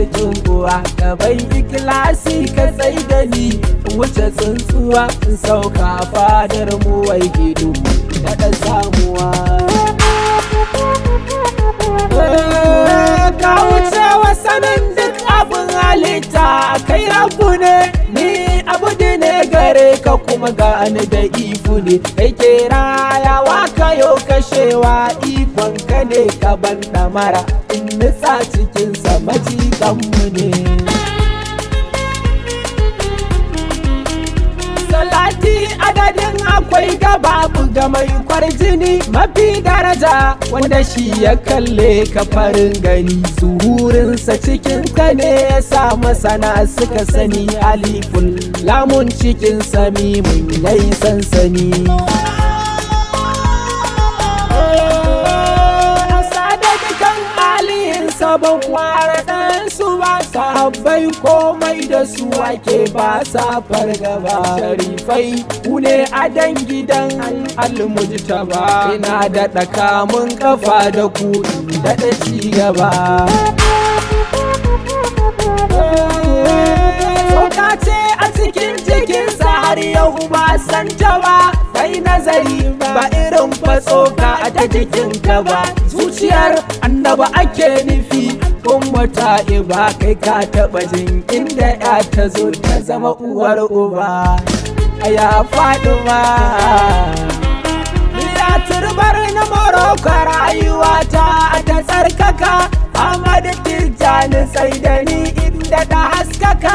arzikin kowa gaban ikilasi ka tsai da ni wuce tsuntsuwa in sauka fadar mu wai gidu ɗan samuwa eh, ka wuce wasanin duk abin halitta kai rabu ne ni abu ne gare ka kuma gane da ifu ne kai ke rayawa yau kashewa ikon ka ne ka ban mara nutsa cikinsa majikanmu ne salati adadin akwai gaba ga mai kwarjini mafi daraja wanda shi ya kalle kafarin gani zuhurinsa cikin ka ne ya sa masana suka sani aliful lamun cikin sami mun lai sansani sabon kwara ɗan su ba sahabbai komai da su ake ba sa fargaba sharifai kune a dan gidan almujtaba ina da ɗakamun kafa da ku daɗa ci gaba Sauka ce a cikin cikinsa har yau ba san ta ba kai nazari ba irin fatsoka a ta jikinka ba zuciyar annaba ake nufi Kun ummata iba kai ka taɓa jin inda ya ta zo ta zama uwar uba a ya faɗi ma turbar na moroko a ta tsarkaka amma da tijjani sai da ni inda ta haskaka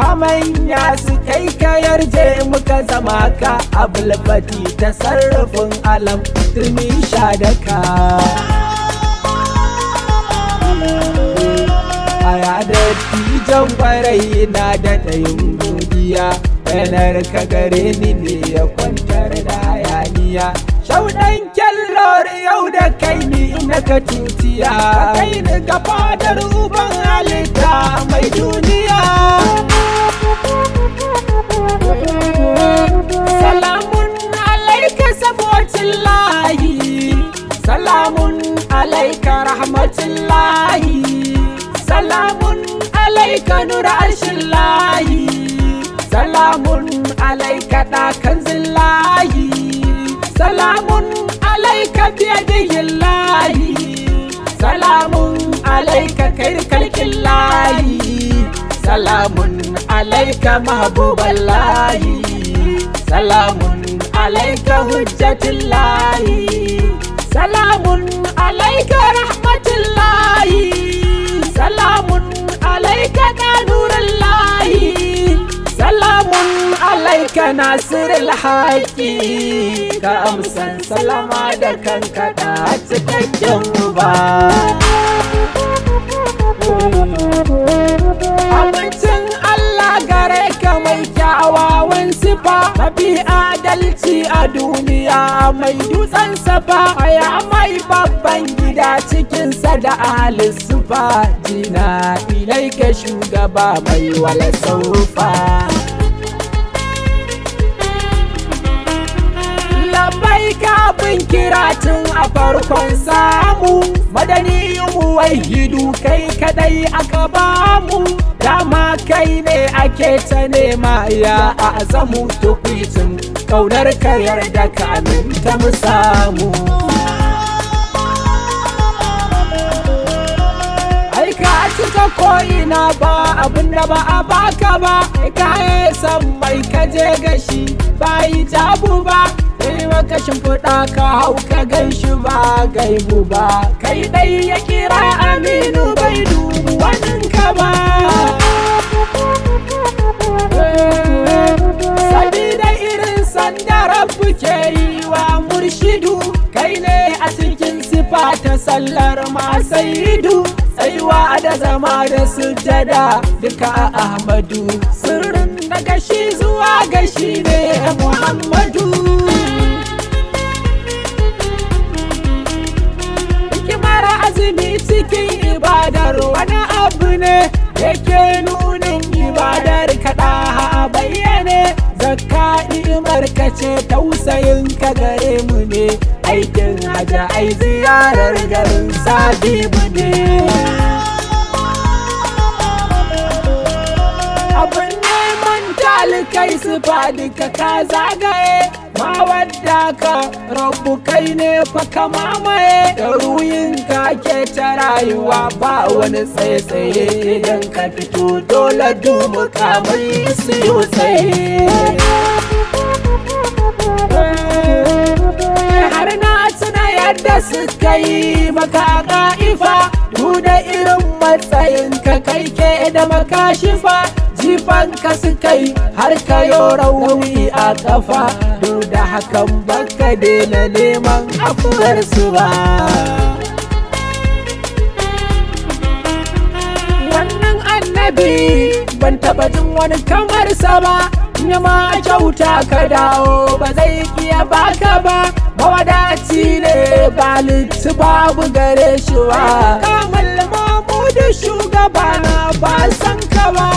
hamanya su kai ka yarje muka zama ka abulfati ta sarrafin alam turmi sha da ka a yadar na da tayin godiya yanar ka gare ni ne ya kwantar da hayaniya shaudan kyallor yau da kai ni na ka tutiya kai ni ga fadar uban halitta ka nura arshin layi salamun alaika ɗakan layi salamun alaika biya da layi salamun alaika kai kalkin layi salamun alaika mahabuban layi salamun alaika hujjatin layi nasir nasirul haƙi ka amsan salama da kankaɗa a cikakken ba abincin Allah gare ka mai kyawawan sifa mafi adalci a duniya mai dutsen safa ya mai babban gida cikinsa da ahalin sufa jina ilaika shugaba mai wala saufa basira a farkon samu madani mu muwaihidu kai kadai aka bamu dama kai ne ake ta nema ya azamu tukwitin kaunar ka yarda ka aminta mu samu ci ta ko'ina ba abin da ba a baka ba kaye san mai kaje gashi bayi tabu ba kai kashin shimfiɗa ka hau ka gan shi ba gaibu ba kai dai ya kira aminu bai dubu wannan ka ba da irin sanda rabu ke yi wa murshidu kai ne a cikin sifa ta sallar masaidu tsaiwa da zama da sujada duka a ahmadu sirrin daga gashi zuwa gashi ne muhammadu ibadar wani abu ne yake nunin ibadar kaɗa a bayyane zakka ni'imar ka ce tausayin ka gare mu ne aikin haja ai ziyarar garin sabibu ne abin neman talikai su faɗi ka zagaye ma wadda ka rabu kai ne fa ka mamaye da ruyin ka ke ta rayuwa ba wani tsaye-tsaye idan ka fito dole dumu kamai su yi tsaye har na tuna yadda suka yi maka ka'ifa duk da irin matsayin ka kai ke da makashifa jifanka suka yi har ka rauni a kafa duk da hakan baka daina neman afuwar su ba wannan annabi ban taba jin wani kamar sa ba ma kyauta ka dawo ba zai iya baka ba mawadaci ne balitu babu gare shi wa kamar mamu da shugabana ba san ka ba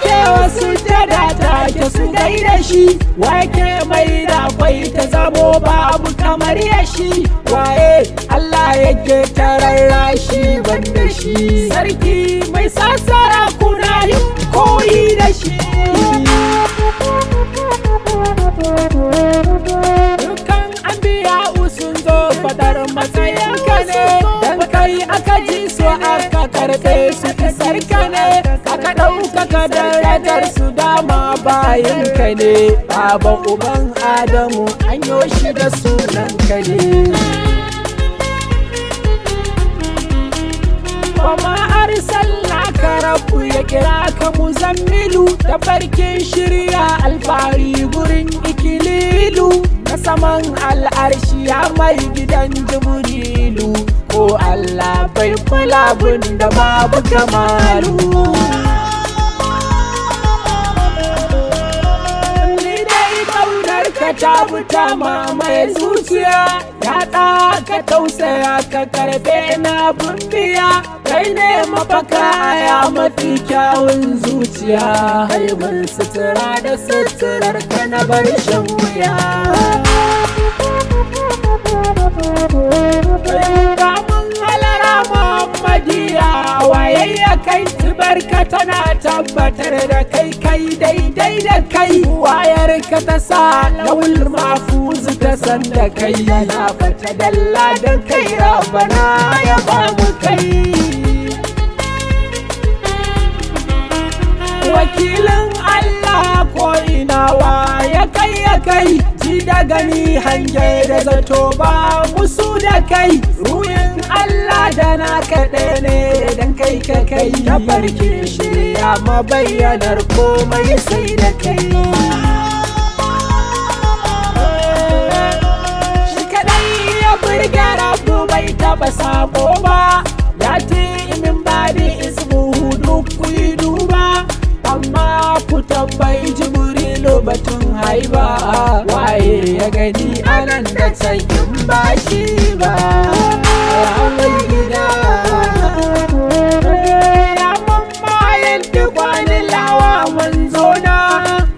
kewa wasu ta ke su gaida shi wake mai da kwai ta zamo babu kamar ya shi waye Allah yake tararra shi ban da shi sarki mai sassara kuna yin koyi da shi dukan an biya usun zo fadar matsayinka ne dan kai aka ji su aka karɓe su sarka ɗaukaka darajar su dama bayan ka ne baba uban adamu an shi da sunan ka ne kuma arsalla ka ya kira ka zammilu Da farkin shirya alfahari gurin ikililu na saman al'arshi ya mai gidan jibrilu ko allah bai kula da babu kamalu dama mai zuciya ya ɗa ka tausaya ka karbe na bumbiya kai ne mafaka ya mafi kyawun zuciya haibin sutura da suturar ka na bar shan wuya kai zubarka tana tabbatar da kai kai daidai da kai wayar ka ta sa lawul mafuz ta san da kai na fata dalla da kai rabana ya ba mu kai wakilin Allah ko inawa ya kai ya kai ji da gani hange da zato ba musu da kai ruhin Allah da na kaɗai ne dan kai ka kai na farki shirya bayyanar komai sai da kai ya burge rabu bai taba sako ba ya ti imin ba da hudu ku yi duba amma ku tambayi jibrilu lobata yi ba waye ya gani anan da tsayin baki ba ya gida Ramun bayan duk wani lawa mun zona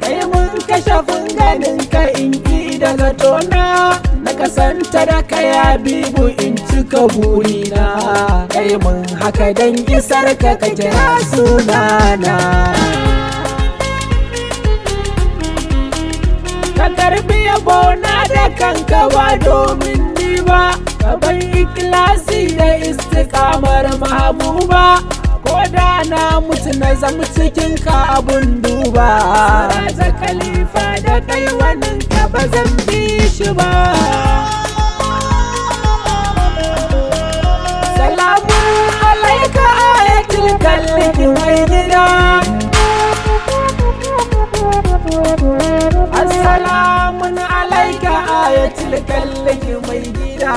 kai mun kashafin ganin ka inci ki daga tona na kasanta da kaya bibu in ka burina kai mun haka dan isar ka ka kira sunana ka karbi yabona da kanka ba domin ni ba ka ban ikilasi da istikamar mahabuba ko da na mutu na zama cikin ka abun duba ta kalifa da kai wannan ka ba zan bi shi ba salamu alaika ayatul kalli gida tsallake mai gida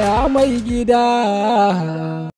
ya mai gida